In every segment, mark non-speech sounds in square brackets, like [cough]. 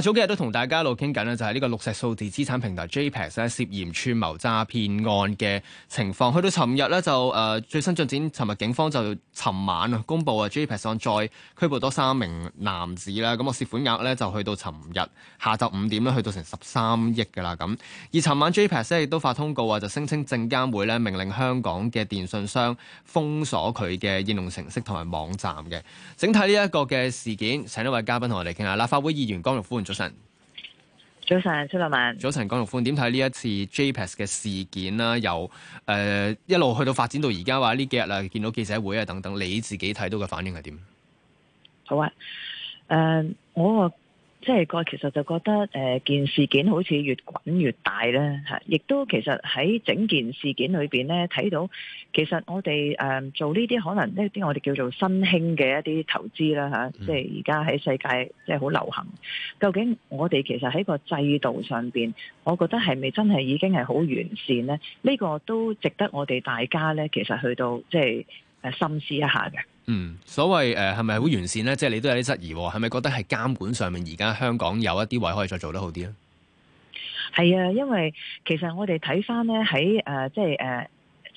早幾日都同大家一路傾緊咧，就係、是、呢個六石數字資產平台 JPEX 咧涉嫌串謀詐騙案嘅情況。去到尋日呢，就誒、呃、最新進展，尋日警方就尋晚啊公佈啊 JPEX 案再拘捕多三名男子啦。咁啊，涉款額呢，就去到尋日下晝五點呢，去到成十三億嘅啦咁。而尋晚 JPEX 咧亦都發通告啊，就聲稱證監會呢命令香港嘅電訊商封鎖佢嘅應用程式同埋網站嘅。整體呢一個嘅事件，請一位嘉賓同我哋傾下。立法會議員江玉歡。早晨，早晨，張立文。早晨，江玉歡，點睇呢一次 JPEX 嘅事件啦？由誒、呃、一路去到發展到而家話呢幾日啦，見到記者會啊等等，你自己睇到嘅反應係點？好啊，誒、呃，我。即係個其實就覺得誒件、呃、事件好似越滾越大咧吓，亦都其實喺整件事件裏邊咧，睇到，其實我哋誒、呃、做呢啲可能一啲我哋叫做新興嘅一啲投資啦吓，即係而家喺世界即係好流行。究竟我哋其實喺個制度上邊，我覺得係咪真係已經係好完善咧？呢、呢個都值得我哋大家咧，其實去到即係誒深思一下嘅。嗯，所謂誒係咪好完善咧？即係你都有啲質疑，係咪覺得係監管上面而家香港有一啲位可以再做得好啲咧？係啊，因為其實我哋睇翻咧喺誒即係誒。呃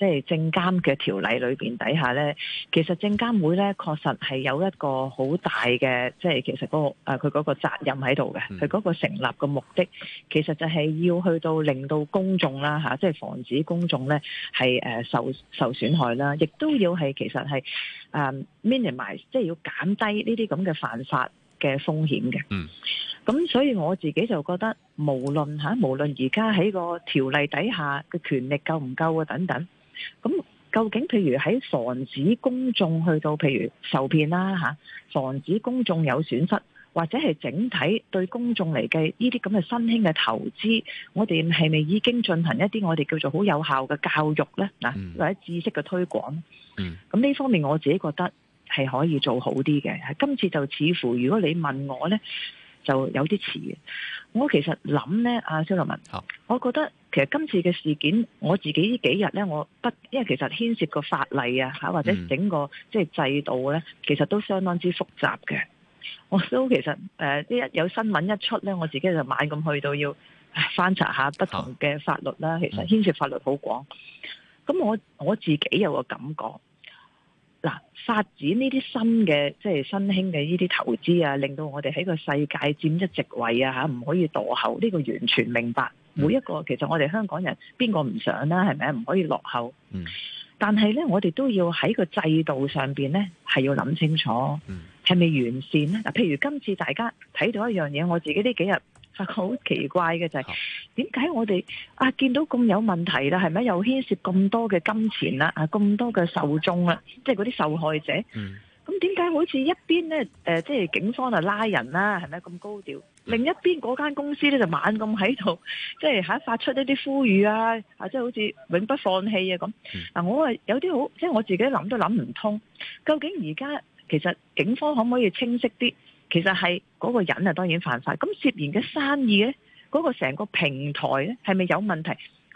即係證監嘅條例裏邊底下呢，其實證監會呢確實係有一個好大嘅，即係其實嗰、嗰個佢嗰、啊、個責任喺度嘅。佢嗰個成立嘅目的，其實就係要去到令到公眾啦嚇、啊，即係防止公眾呢係誒受受損害啦，亦都要係其實係誒、呃、minimize，即係要減低呢啲咁嘅犯法嘅風險嘅。嗯，咁所以我自己就覺得，無論嚇、啊，無論而家喺個條例底下嘅權力夠唔夠啊等等。咁究竟，譬如喺防止公眾去到譬如受騙啦吓，防止公眾有損失，或者係整體對公眾嚟計呢啲咁嘅新興嘅投資，我哋係咪已經進行一啲我哋叫做好有效嘅教育咧？嗱，或者知識嘅推廣，咁呢方面我自己覺得係可以做好啲嘅。今次就似乎如果你問我咧。就有啲似嘅，我其實諗呢，阿蕭立文，我覺得其實今次嘅事件，我自己呢幾日呢，我不，因為其實牽涉個法例啊，或者整個即係制度呢，其實都相當之複雜嘅。我都其實呢一、呃、有新聞一出呢，我自己就猛咁去到要翻查一下不同嘅法律啦。其實牽涉法律好廣，咁我我自己有個感覺。嗱，發展呢啲新嘅，即係新興嘅呢啲投資啊，令到我哋喺個世界佔一席位啊嚇，唔可以墮後。呢個完全明白，每一個其實我哋香港人邊個唔想啦？係咪啊？唔可以落後。嗯。但係咧，我哋都要喺個制度上面咧，係要諗清楚，係咪完善咧？嗱，譬如今次大家睇到一樣嘢，我自己呢幾日。好、啊、奇怪嘅就係點解我哋啊見到咁有問題啦，係咪又牽涉咁多嘅金錢啦，啊咁、啊、多嘅受眾啦，即係嗰啲受害者。咁點解好似一邊咧誒，即、啊、係、就是、警方啊拉人啦、啊，係咪咁高調？嗯、另一邊嗰間公司咧就猛咁喺度，即係喺發出一啲呼籲啊，啊即係、就是、好似永不放棄啊咁。嗱、嗯啊，我啊有啲好，即、就、係、是、我自己諗都諗唔通，究竟而家其實警方可唔可以清晰啲？其實係嗰、那個人啊，當然犯法。咁涉嫌嘅生意咧，嗰、那個成個平台咧，係咪有問題？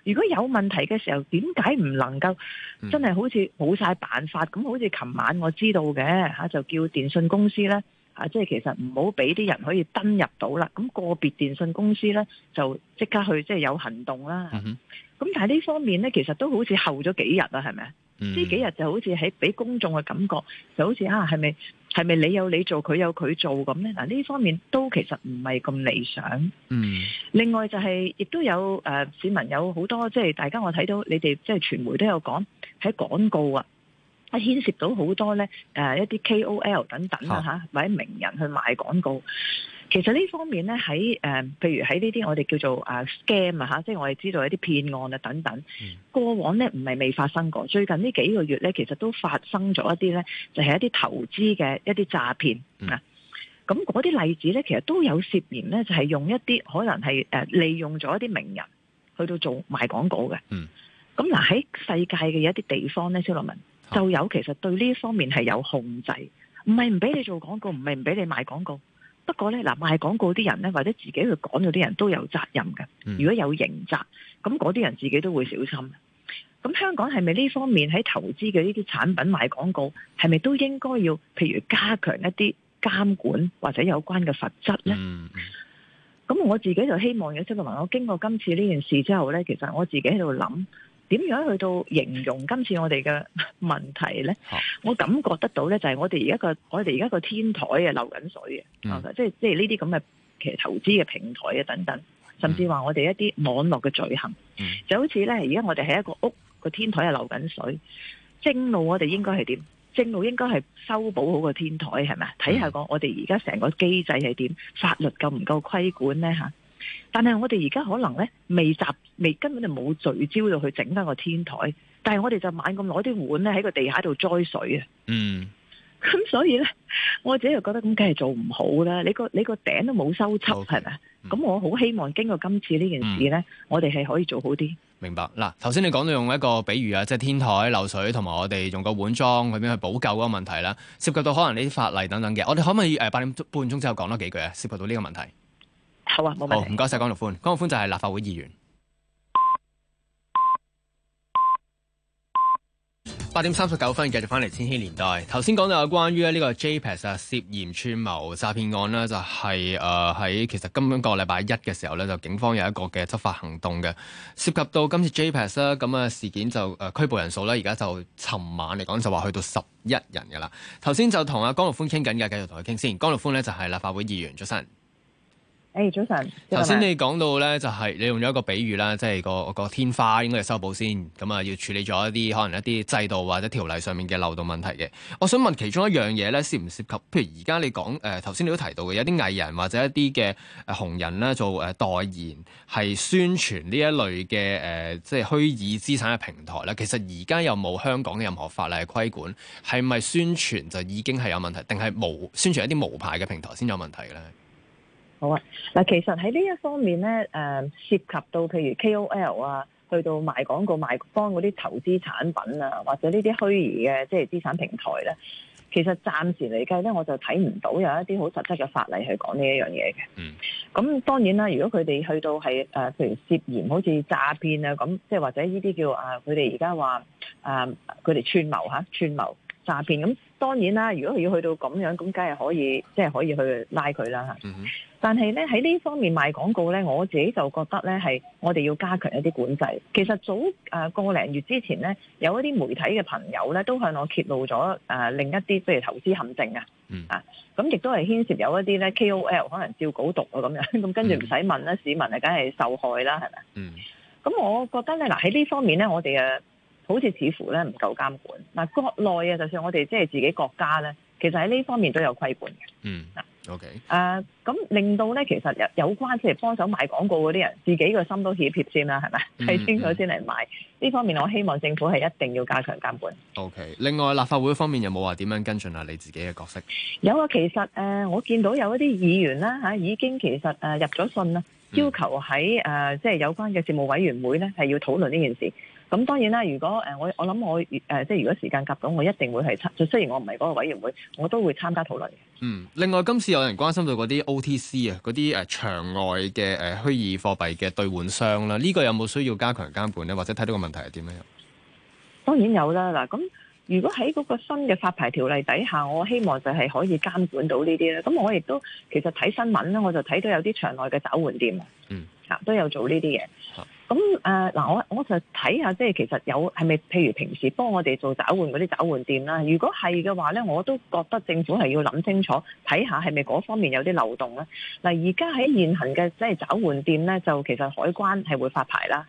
如果有問題嘅時候，點解唔能夠真係好似冇晒辦法？咁好似琴晚我知道嘅吓，就叫電信公司咧吓，即、就、係、是、其實唔好俾啲人可以登入到啦。咁、那個別電信公司咧就即刻去即係、就是、有行動啦。咁、嗯、但係呢方面咧，其實都好似後咗幾日啊，係咪？呢、嗯、幾日就好似喺俾公眾嘅感覺，就好似啊，係咪？係咪你有你做，佢有佢做噉呢？嗱，呢方面都其實唔係咁理想。嗯。另外就係，亦都有誒，市民有好多，即係大家我睇到你哋即係傳媒都有講喺廣告啊，牽涉到好多呢誒一啲 KOL 等等啊嚇，或者名人去賣廣告。其實呢方面呢，喺誒，譬如喺呢啲我哋叫做啊 scam 啊嚇，即係我哋知道一啲騙案啊等等。嗯、過往呢唔係未發生過，最近呢幾個月呢，其實都發生咗一啲呢，就係、是、一啲投資嘅一啲詐騙啊。咁嗰啲例子呢，其實都有涉嫌呢，就係用一啲可能係誒利用咗一啲名人去到做賣廣告嘅。咁嗱喺世界嘅一啲地方呢，s a 文就有其實對呢一方面係有控制，唔係唔俾你做廣告，唔係唔俾你賣廣告。不過呢，嗱賣廣告啲人呢，或者自己去講嗰啲人都有責任嘅。如果有刑責，咁嗰啲人自己都會小心。咁香港係咪呢方面喺投資嘅呢啲產品賣廣告，係咪都應該要譬如加強一啲監管或者有關嘅罰則呢？咁、嗯、我自己就希望嘅，即係朋我經過今次呢件事之後呢，其實我自己喺度諗。點樣去到形容今次我哋嘅問題呢？啊、我感覺得到呢，就係我哋而家個我哋而家個天台啊流緊水嘅、嗯，即係即係呢啲咁嘅其實投資嘅平台啊等等，甚至話我哋一啲網絡嘅罪行，嗯、就好似呢，而家我哋喺一個屋個天台啊流緊水，正路我哋應該係點？正路應該係修補好個天台係咪？睇下我哋而家成個機制係點？法律夠唔夠規管呢？嚇？但係我哋而家可能咧未集，未根本就冇聚焦到去整翻個天台。但係我哋就猛咁攞啲碗咧喺個地下度栽水啊！嗯，咁所以咧我自己又覺得咁梗係做唔好啦。你個你個頂都冇修葺，係咪啊？咁我好希望經過今次呢件事咧，我哋係可以做好啲。明白嗱，頭先你講到用一個比喻啊，即係天台漏水，同埋我哋用個碗裝去邊去補救嗰個問題啦。涉及到可能呢啲法例等等嘅，我哋可唔可以誒八點半鐘之後講多幾句啊？涉及到呢個問題。好啊，冇問題。唔該晒江玉歡，江玉歡就係立法會議員。八點三十九分，繼續翻嚟千禧年代。頭先講到有關於呢個 JPEX 啊，涉嫌串謀詐騙案呢就係誒喺其實今個禮拜一嘅時候呢就警方有一個嘅執法行動嘅，涉及到今次 JPEX 啦，咁啊事件就誒、呃、拘捕人數呢而家就尋晚嚟講就話去到十一人噶啦。頭先就同阿江玉歡傾緊嘅，繼續同佢傾先。江玉歡呢就係立法會議員出身。誒、哎，早晨。頭先上你講到咧，就係你用咗一個比喻啦，即、就、係、個個天花應該係修補先，咁啊要處理咗一啲可能一啲制度或者條例上面嘅漏洞問題嘅。我想問其中一樣嘢咧，涉唔涉及？譬如而家你講誒，頭、呃、先你都提到嘅，有啲藝人或者一啲嘅誒紅人啦，做誒代言，係宣傳呢一類嘅誒、呃，即係虛擬資產嘅平台咧。其實而家有冇香港嘅任何法例規管？係咪宣傳就已經係有問題，定係無宣傳一啲無牌嘅平台先有問題咧？好啊，嗱，其實喺呢一方面咧，誒、嗯，涉及到譬如 KOL 啊，去到賣廣告、賣方嗰啲投資產品啊，或者呢啲虛擬嘅即係資產平台咧，其實暫時嚟計咧，我就睇唔到有一啲好實質嘅法例去講呢一樣嘢嘅。嗯。咁當然啦，如果佢哋去到係誒，譬如涉嫌好似詐騙啊，咁即係或者呢啲叫啊，佢哋而家話誒，啊、佢哋串謀吓、啊，串謀。詐騙咁當然啦，如果佢要去到咁樣，咁梗係可以，即係可以去拉佢啦嚇。Mm hmm. 但係咧喺呢方面賣廣告咧，我自己就覺得咧係我哋要加強一啲管制。其實早誒個零月之前咧，有一啲媒體嘅朋友咧都向我揭露咗誒呃另一啲譬如投資陷阱啊，mm hmm. 啊咁亦都係牽涉有一啲咧 KOL 可能照稿讀啊咁樣，咁跟住唔使問啦，mm hmm. 市民啊梗係受害啦係咪？咁、mm hmm. 我覺得咧嗱喺呢方面咧，我哋啊～好似似乎咧唔夠監管嗱，國內啊，就算我哋即係自己國家咧，其實喺呢方面都有規管嘅。嗯，嗱、啊、OK，誒、嗯，咁令到咧，其實有有關譬如幫手賣廣告嗰啲人，自己個心都怯怯先啦，係咪睇清楚先嚟買？呢、嗯、方面我希望政府係一定要加強監管。OK，另外立法會方面有冇話點樣跟進下你自己嘅角色有啊，其實、呃、我見到有一啲議員啦、啊、已經其實、呃、入咗信啦，要求喺、呃、即係有關嘅事務委員會咧係要討論呢件事。咁當然啦，如果誒我我諗我誒即係如果時間夾到，我一定會係參。雖然我唔係嗰個委員會，我都會參加討論嘅。嗯，另外今次有人關心到嗰啲 OTC 啊，嗰啲誒場外嘅誒虛擬貨幣嘅兌換商啦，呢個有冇需要加強監管咧？或者睇到個問題係點樣？當然有啦。嗱，咁如果喺嗰個新嘅發牌條例底下，我希望就係可以監管到呢啲咧。咁我亦都其實睇新聞咧，我就睇到有啲場外嘅找換店，嗯，啊都有做呢啲嘢。啊咁誒嗱，我我就睇下，即係其實有係咪譬如平時幫我哋做找換嗰啲找換店啦？如果係嘅話咧，我都覺得政府係要諗清楚，睇下係咪嗰方面有啲漏洞咧。嗱，而家喺現行嘅即係找換店咧，就其實海關係會發牌啦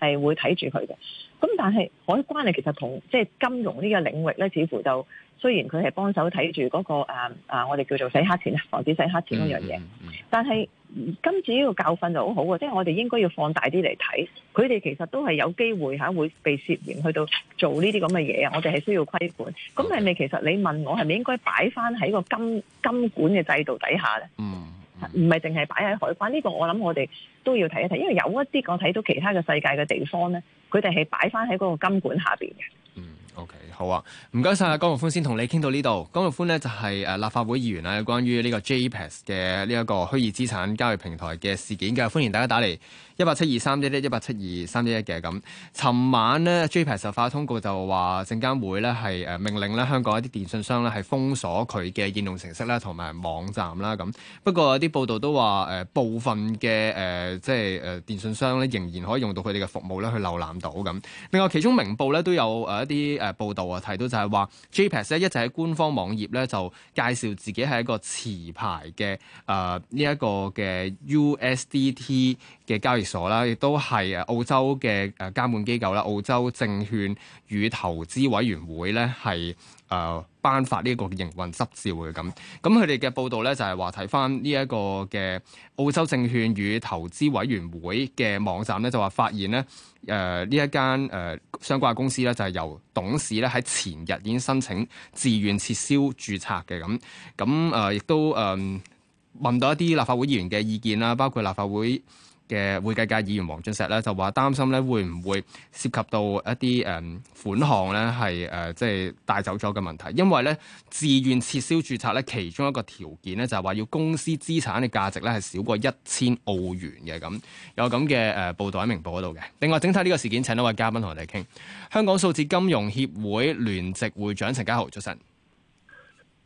係會睇住佢嘅，咁但係海關係其實同即係金融呢個領域咧，似乎就雖然佢係幫手睇住嗰個誒、啊啊、我哋叫做洗黑錢防止洗黑錢嗰樣嘢。Mm hmm. 但係今次呢個教訓就好好喎。即係我哋應該要放大啲嚟睇，佢哋其實都係有機會嚇會被涉嫌去到做呢啲咁嘅嘢啊！我哋係需要規管，咁係咪其實你問我係咪應該擺翻喺個金金管嘅制度底下咧？嗯、mm。Hmm. 唔係淨係擺喺海關呢個，我諗我哋都要睇一睇，因為有一啲我睇到其他嘅世界嘅地方咧，佢哋係擺翻喺嗰個金管下邊嘅。O、okay, K，好啊，唔該晒啊，江玉歡先同你傾到呢度。江玉歡呢，就係、是、誒、呃、立法會議員啊。關於呢個 JPEX 嘅呢一個虛擬資產交易平台嘅事件嘅，歡迎大家打嚟一八七二三一一一八七二三一一嘅咁。尋晚呢 JPEX 就發通告就話證監會呢係誒、呃、命令呢香港一啲電信商呢係封鎖佢嘅應用程式啦同埋網站啦咁。不過有啲報道都話誒、呃、部分嘅誒、呃、即係誒、呃、電信商呢，仍然可以用到佢哋嘅服務呢去瀏覽到咁。另外其中明報呢都有誒一啲誒。呃報道啊，我提到就係話 JPEX 咧，一直喺官方網頁咧就介紹自己係一個持牌嘅誒呢一個嘅 USDT 嘅交易所啦，亦都係澳洲嘅誒監管機構啦，澳洲證券與投資委員會咧係。誒，頒發呢一個營運執照嘅咁，咁佢哋嘅報道咧就係話睇翻呢一個嘅澳洲證券與投資委員會嘅網站咧，就話發現咧，誒呢一間誒相關嘅公司咧就係、是、由董事咧喺前日已經申請自願撤銷註冊嘅咁，咁誒亦都誒、呃、問到一啲立法會議員嘅意見啦，包括立法會。嘅會計界議員黃俊石咧就話擔心咧會唔會涉及到一啲誒款項咧係誒即係帶走咗嘅問題，因為咧自願撤銷註冊咧其中一個條件咧就係話要公司資產嘅價值咧係少過一千澳元嘅咁，有咁嘅誒報道喺明報嗰度嘅。另外，整體呢個事件請一位嘉賓同我哋傾，香港數字金融協會聯席會長陳家豪，早晨。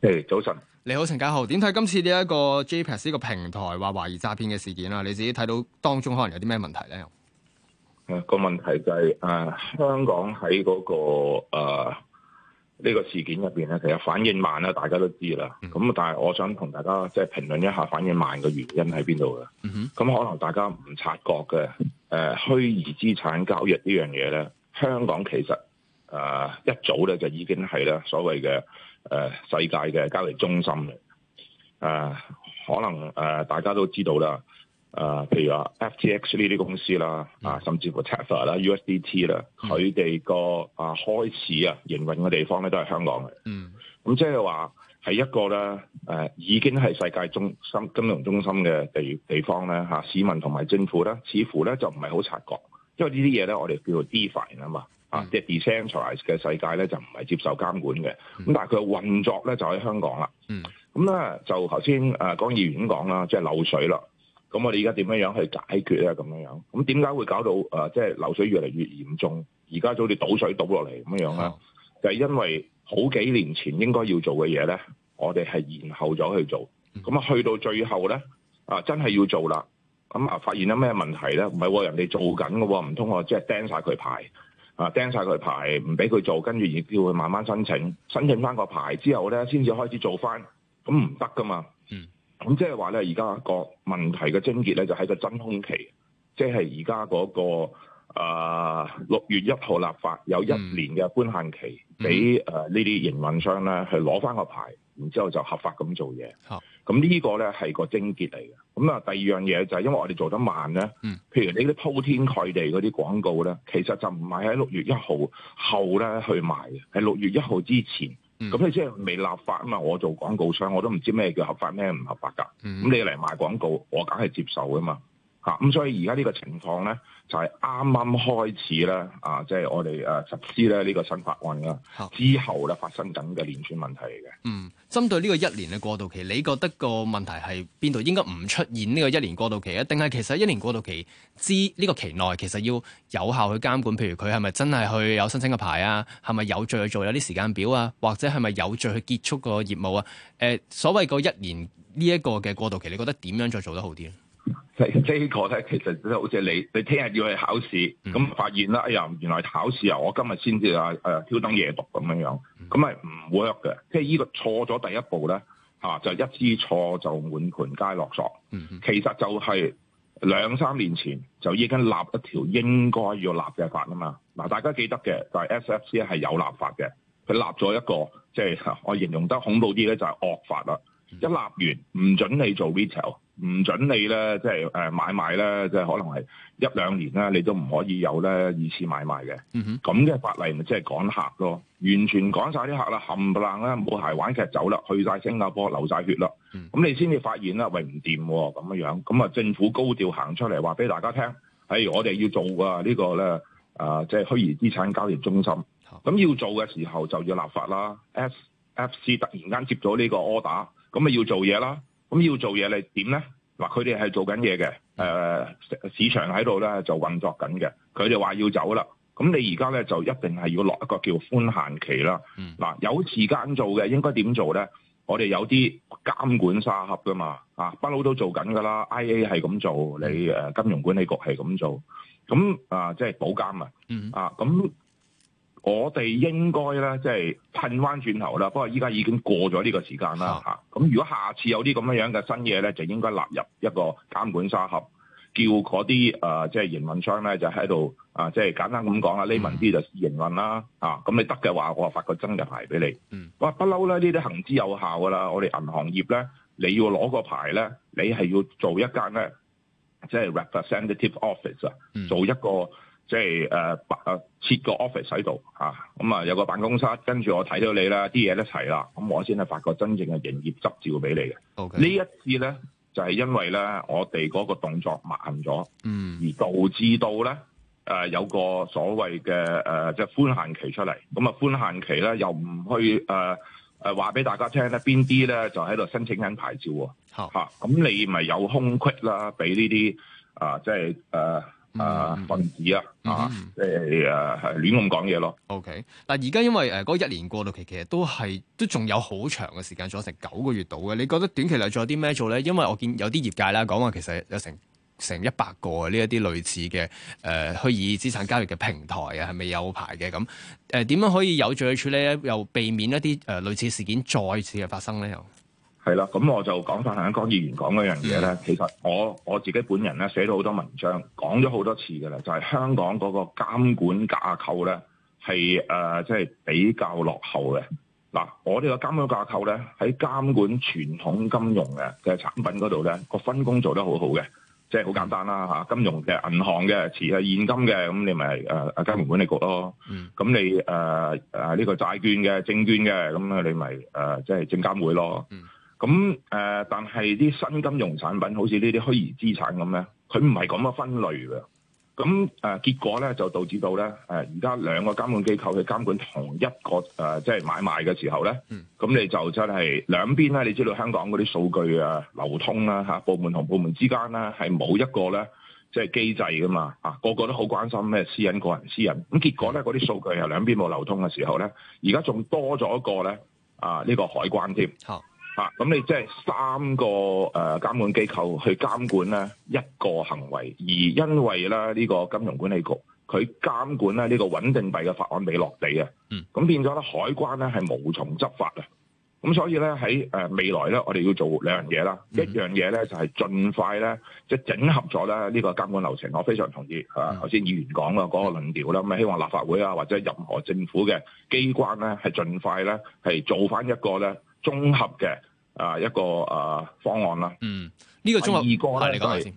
誒，hey, 早晨，你好，陳家豪，點睇今次呢一個 JPEX 呢個平台話懷疑詐騙嘅事件啦？你自己睇到當中可能有啲咩問題咧？誒，個問題就係、是、誒、呃，香港喺嗰、那個誒呢、呃這個事件入邊咧，其實反應慢啦，大家都知啦。咁、嗯、但係我想同大家即係評論一下，反應慢嘅原因喺邊度嘅？咁、嗯、哼可能大家唔察覺嘅誒，虛擬資產交易呢樣嘢咧，香港其實誒、呃、一早咧就已經係咧所謂嘅。誒、呃、世界嘅交易中心嚟，誒、呃、可能誒、呃、大家都知道啦，誒、呃、譬如話 FTX 呢啲公司啦，啊、呃、甚至乎 Tether 啦、mm. US、USDT、呃、啦，佢哋個啊開始啊營運嘅地方咧都係香港嘅，嗯、mm.，咁即係話係一個咧誒、呃、已經係世界中心金融中心嘅地地方咧嚇，市民同埋政府咧似乎咧就唔係好察覺，因為這些東西呢啲嘢咧我哋叫做 DeFi 啊嘛。啊，即係 decentralize 嘅、嗯、世界咧，就唔係接受監管嘅。咁、嗯、但係佢嘅運作咧就喺香港啦。咁咧、嗯、就頭先誒江議員講啦，即係漏水啦。咁我哋而家點樣樣去解決咧？咁樣樣，咁點解會搞到誒即係漏水越嚟越嚴重？而家早啲倒水倒落嚟咁樣樣啦，嗯、就係因為好幾年前應該要做嘅嘢咧，我哋係延後咗去做。咁啊、嗯，去到最後咧，啊真係要做啦。咁啊，發現咗咩問題咧？唔係喎，人哋做緊嘅喎，唔通我即係釘晒佢牌？啊，掟晒佢牌，唔俾佢做，跟住亦都要佢慢慢申請，申請翻個牌之後咧，先至開始做翻，咁唔得噶嘛。嗯，咁即係話咧，而家個問題嘅症結咧，就喺個真空期，即係而家嗰個呃、六月一號立法，有一年嘅寬限期，俾誒呢啲營運商咧去攞翻個牌，然之後就合法咁做嘢。啊。咁呢個咧係個症結嚟嘅。咁啊，第二樣嘢就係因為我哋做得慢咧，嗯，譬如呢啲鋪天蓋地嗰啲廣告咧，其實就唔係喺六月一號後咧去賣嘅，係六月一號之前。咁、嗯、你即係未立法啊嘛？我做廣告商，我都唔知咩叫合法，咩唔合法㗎。咁、嗯、你嚟賣廣告，我梗係接受㗎嘛。啊，咁、嗯、所以而家呢個情況咧，就係啱啱開始咧，啊，即、就、係、是、我哋誒、啊、實施咧呢個新法案啦，好之後咧發生緊嘅連串問題嚟嘅。嗯，針對呢個一年嘅過渡期，你覺得個問題係邊度應該唔出現呢個一年過渡期啊？定係其實一年過渡期之呢個期內，其實要有效去監管，譬如佢係咪真係去有申請個牌啊？係咪有序去做有啲時間表啊？或者係咪有序去結束個業務啊？誒、呃，所謂個一年呢一個嘅過渡期，你覺得點樣再做得好啲？即係呢個咧，其實係好似你，你聽日要去考試，咁發現啦，哎呀，原來考試啊，我今日先至啊，誒、呃、挑燈夜讀咁樣咁係唔 work 嘅。即係呢個錯咗第一步咧、啊，就一知錯就滿盤皆落索。 [laughs] 其實就係兩三年前就已經立一條應該要立嘅法啊嘛。嗱，大家記得嘅就係、是、SFC 係有立法嘅，佢立咗一個，即、就、係、是、我形容得恐怖啲咧，就係、是、惡法啦。，一立完唔准你做 retail 唔准你咧，即係誒買賣咧，即、就、係、是、可能係一兩年呢你都唔可以有咧二次買賣嘅。咁嘅、嗯、哼法例咪即係趕客咯，完全趕晒啲客啦，冚唪唥咧冇鞋玩劇走啦，去晒新加坡流晒血啦。咁、嗯、你先至發現啦，喂，唔掂咁樣，咁啊政府高調行出嚟話俾大家聽，誒、hey, 我哋要做啊呢、呢個咧即係虛擬資產交易中心。咁好要做嘅時候就要立法啦。SFC 突然間接咗呢個 order。咁咪要做嘢啦，咁要做嘢你點咧？嗱，佢哋係做緊嘢嘅，誒市場喺度咧就運作緊嘅，佢哋話要走啦，咁你而家咧就一定係要落一個叫寬限期啦。嗱，有時間做嘅應該點做咧？我哋有啲監管沙盒噶嘛，啊，不老不嬲都做緊噶啦，IA 係咁做，你誒金融管理局係咁做，咁啊即係保監啊，啊咁、嗯。 [music] 我哋應該咧，即係噴翻轉頭啦。不過依家已經過咗呢個時間啦，咁、 [music] 啊、如果下次有啲咁樣樣嘅新嘢咧，就應該納入一個監管沙盒，叫嗰啲即係營運商咧就喺度啊，即係簡單咁講啦，匿文啲就營運啦，咁你得嘅話，我就發個真嘅牌俾你。嗯。我不嬲咧，啊、呢啲行之有效噶啦。我哋銀行業咧，你要攞個牌咧，你係要做一間咧，即係 representative office 啊，做一個。 [music] [music] 即係誒，呃、設辦誒設個 office 喺度吓，咁啊、嗯、有個辦公室，跟住我睇到你啦，啲嘢一齊啦，咁我先係發個真正嘅營業執照俾你嘅。呢 Okay. 一次咧，就係、是、因為咧我哋嗰個動作慢咗，嗯，而導致到咧誒、呃、有個所謂嘅誒即係寬限期出嚟，咁、嗯、啊寬限期咧又唔去誒誒話俾大家聽咧邊啲咧就喺、是、度申請緊牌照喎，咁好、啊、你咪有空隙啦，俾呢啲啊即係誒。呃就是呃啊！分子啊！啊、嗯嗯！即係誒，亂咁講嘢咯。O K. 嗱，而、嗯、家、嗯 okay, 因為誒嗰一年過渡期，其實都係都仲有好長嘅時間，仲有成九個月到嘅。你覺得短期內仲有啲咩做咧？因為我見有啲業界啦，講話其實有成成一百個呢一啲類似嘅誒虛擬資產交易嘅平台啊，係未有牌嘅咁誒，點樣可以有序去處理咧？又避免一啲誒類似事件再次嘅發生咧？又？係啦，咁我就講翻頭先江議員講嗰樣嘢咧。其實我我自己本人咧寫咗好多文章，講咗好多次㗎啦，就係、是、香港嗰個監管架構咧係誒即係比較落後嘅。嗱，我哋個監管架構咧喺監管傳統金融嘅嘅產品嗰度咧，個分工做得好好嘅，即係好簡單啦嚇。金融嘅銀行嘅持係現金嘅，咁你咪誒誒金融管理局咯。咁、嗯、你誒誒呢、呃呢個債券嘅證券嘅，咁你咪誒即係證監會咯。咁誒，但係啲新金融產品，好似呢啲虛擬資產咁咧，佢唔係咁嘅分類嘅。咁誒，結果咧就導致到咧誒，而家兩個監管機構去監管同一個誒，即係買賣嘅時候咧，咁、嗯、你就真係兩邊咧，你知道香港嗰啲數據啊流通啦嚇，部門同部門之間咧係冇一個咧即係機制噶嘛啊，個個都好關心咩私隱個人私隱。咁結果咧嗰啲數據係兩邊冇流通嘅時候咧，而家仲多咗一個咧啊呢個海關添。啊！咁你即係三個誒監管機構去監管咧一個行為，而因為咧呢個金融管理局佢監管咧呢個穩定幣嘅法案未落地啊，嗯，咁變咗咧海關咧係無從執法啊，咁所以咧喺誒未來咧我哋要做兩樣嘢啦，嗯、一樣嘢咧就係盡快咧即係整合咗咧呢個監管流程，我非常同意啊！頭先、嗯、議員講嘅嗰個論調啦，咁希望立法會啊或者任何政府嘅機關咧係盡快咧係做翻一個咧，綜合嘅啊一個啊方案啦，嗯這個，嗯，呢個綜合二個啦，咧都係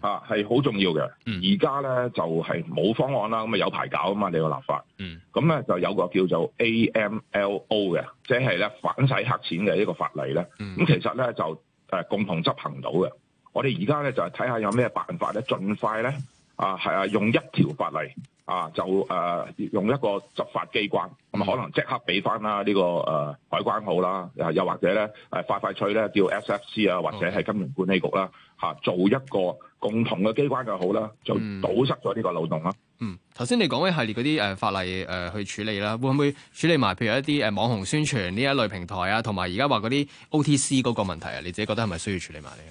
啊係好重要嘅，而家咧就係、是冇方案啦，咁啊有排搞啊嘛，你個立法，嗯，咁咧就有個叫做 AMLO 嘅，即係咧反洗黑錢嘅一個法例咧，咁、嗯、其實咧就誒共同執行到嘅，我哋而家咧就係睇下有咩辦法咧，盡快咧啊係啊用一條法例。啊，就誒、呃、用一個執法機關，咁、嗯、啊可能即刻俾翻啦呢個誒海、呃、關好啦，又或者咧快快脆咧，叫 SFC 啊，或者係金融管理局啦 Okay.、啊，做一個共同嘅機關就好啦，就堵塞咗呢個漏洞啦。嗯，頭先你講一系列嗰啲、呃、法例、呃、去處理啦，會唔會處理埋譬如一啲誒網紅宣傳呢一類平台啊，同埋而家話嗰啲 OTC 嗰個問題啊，你自己覺得係咪需要處理埋呢？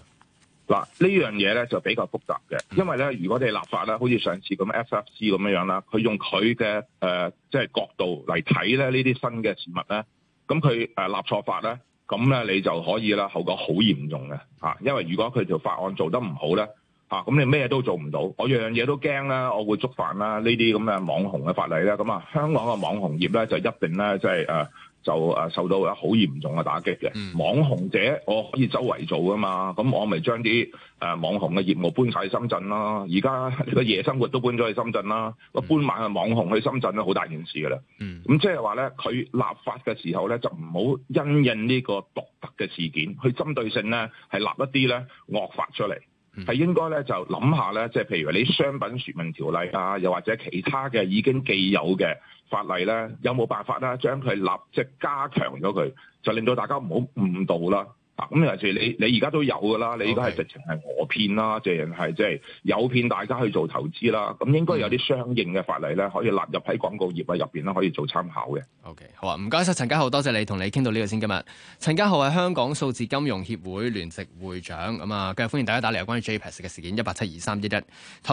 嗱呢樣嘢咧就比較複雜嘅，因為咧如果你立法咧，好似上次咁 SFC 咁樣啦，佢用佢嘅誒即係角度嚟睇咧呢啲新嘅事物咧，咁佢誒立錯法咧，咁咧你就可以啦，後果好嚴重嘅嚇，因為如果佢條法案做得唔好咧嚇，咁你咩都做唔到，我樣樣嘢都驚啦，我會觸犯啦呢啲咁嘅網紅嘅法例啦，咁啊香港嘅網紅業咧就一定咧即係誒。呃就誒受到好嚴重嘅打擊嘅網紅者，我可以周圍做㗎嘛，咁我咪將啲誒網紅嘅業務搬晒去深圳啦。而家個夜生活都搬咗去深圳啦，個搬埋個網紅去深圳都好大件事㗎喇。咁即係話咧，佢立法嘅時候咧，就唔好因應呢個獨特嘅事件，去針對性咧係立一啲咧惡法出嚟。係 [noise] 應該咧就諗下咧，即係譬如話你商品說明條例啊，又或者其他嘅已經既有嘅法例咧，有冇辦法咧將佢立即加強咗佢，就令到大家唔好誤導啦。啊！咁例如你現在都有了，你而家都有噶啦，你而家係直情係呃騙啦，直情係即係誘騙大家去做投資啦。咁應該有啲相應嘅法例咧，可以納入喺廣告業啊入邊啦，可以做參考嘅。OK，好啊，唔該晒。陳家豪，多謝你同你傾到呢個先今日。陳家豪係香港數字金融協會聯席會長，咁、嗯、啊，今日歡迎大家打嚟，關於 JPEX 嘅事件一八七二三一一。